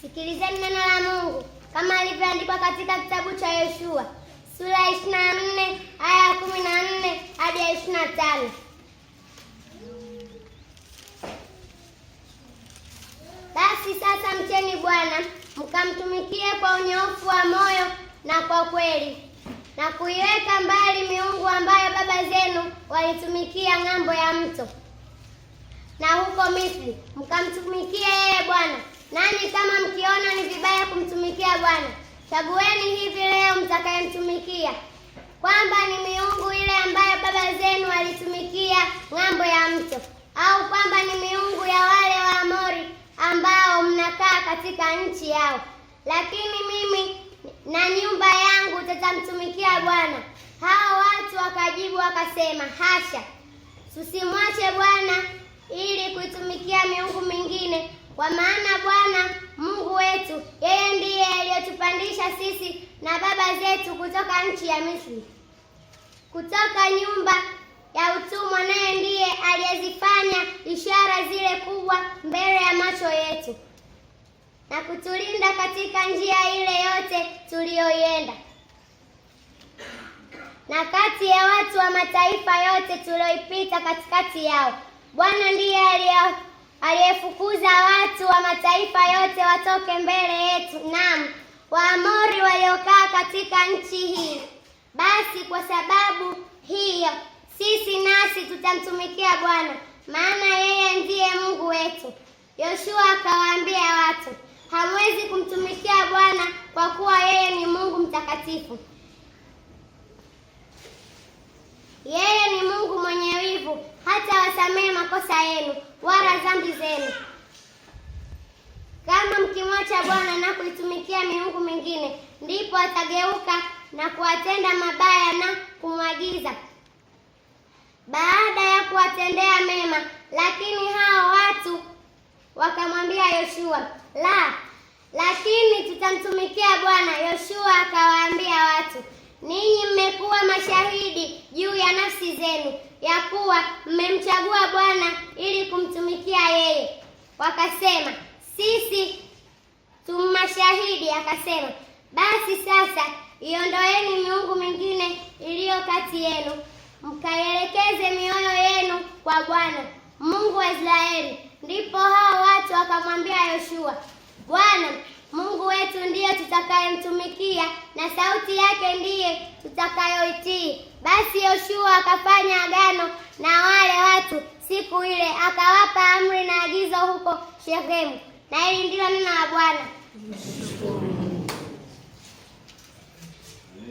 Sikilizeni neno la Mungu kama alivyoandikwa katika kitabu cha Yoshua sura ya ishirini na nne aya ya kumi na nne hadi ya ishirini na tano. Basi sasa mcheni Bwana mkamtumikie kwa unyofu wa moyo na kwa kweli, na kuiweka mbali miungu ambayo baba zenu walitumikia ng'ambo ya mto na huko Misri mkamtumikie Chagueni hivi leo mtakayemtumikia, kwamba ni miungu ile ambayo baba zenu walitumikia ng'ambo ya mto, au kwamba ni miungu ya wale wa Amori ambao mnakaa katika nchi yao. Lakini mimi na nyumba yangu tutamtumikia Bwana. Hao watu wakajibu wakasema, hasha, tusimwache Bwana ili kuitumikia miungu mingine, kwa maana Bwana wetu, yeye ndiye aliyotupandisha sisi na baba zetu kutoka nchi ya Misri, kutoka nyumba ya utumwa, naye ndiye aliyezifanya ishara zile kubwa mbele ya macho yetu na kutulinda katika njia ile yote tuliyoienda na kati ya watu wa mataifa yote tulioipita katikati yao. Bwana ndiye aliye waliyefukuza watu wa mataifa yote watoke mbele yetu, naam Waamori waliokaa katika nchi hii. Basi kwa sababu hiyo sisi nasi tutamtumikia Bwana, maana yeye ndiye Mungu wetu. Yoshua akawaambia watu, hamwezi kumtumikia Bwana kwa kuwa yeye ni Mungu mtakatifu. Yeye ni mtakatifu, hata wasamehe makosa yenu wala dhambi zenu, kama mkimwacha Bwana na kuitumikia miungu mingine, ndipo atageuka na kuwatenda mabaya na kumwagiza baada ya kuwatendea mema. Lakini hao watu wakamwambia Yoshua, la, lakini tutamtumikia Bwana. Yoshua akawaambia kuwa mmemchagua Bwana ili kumtumikia yeye. Wakasema, sisi tumashahidi Akasema, basi sasa iondoeni miungu mingine iliyo kati yenu, mkaielekeze mioyo yenu kwa Bwana Mungu wa Israeli. Ndipo hao watu wakamwambia Yoshua, Bwana Mungu wetu ndiyo tutakayemtumikia na sauti yake ndiye tutakayoitii. Basi Yoshua akafanya agano vile akawapa amri na agizo huko Shekemu, na hili ndilo neno la Bwana.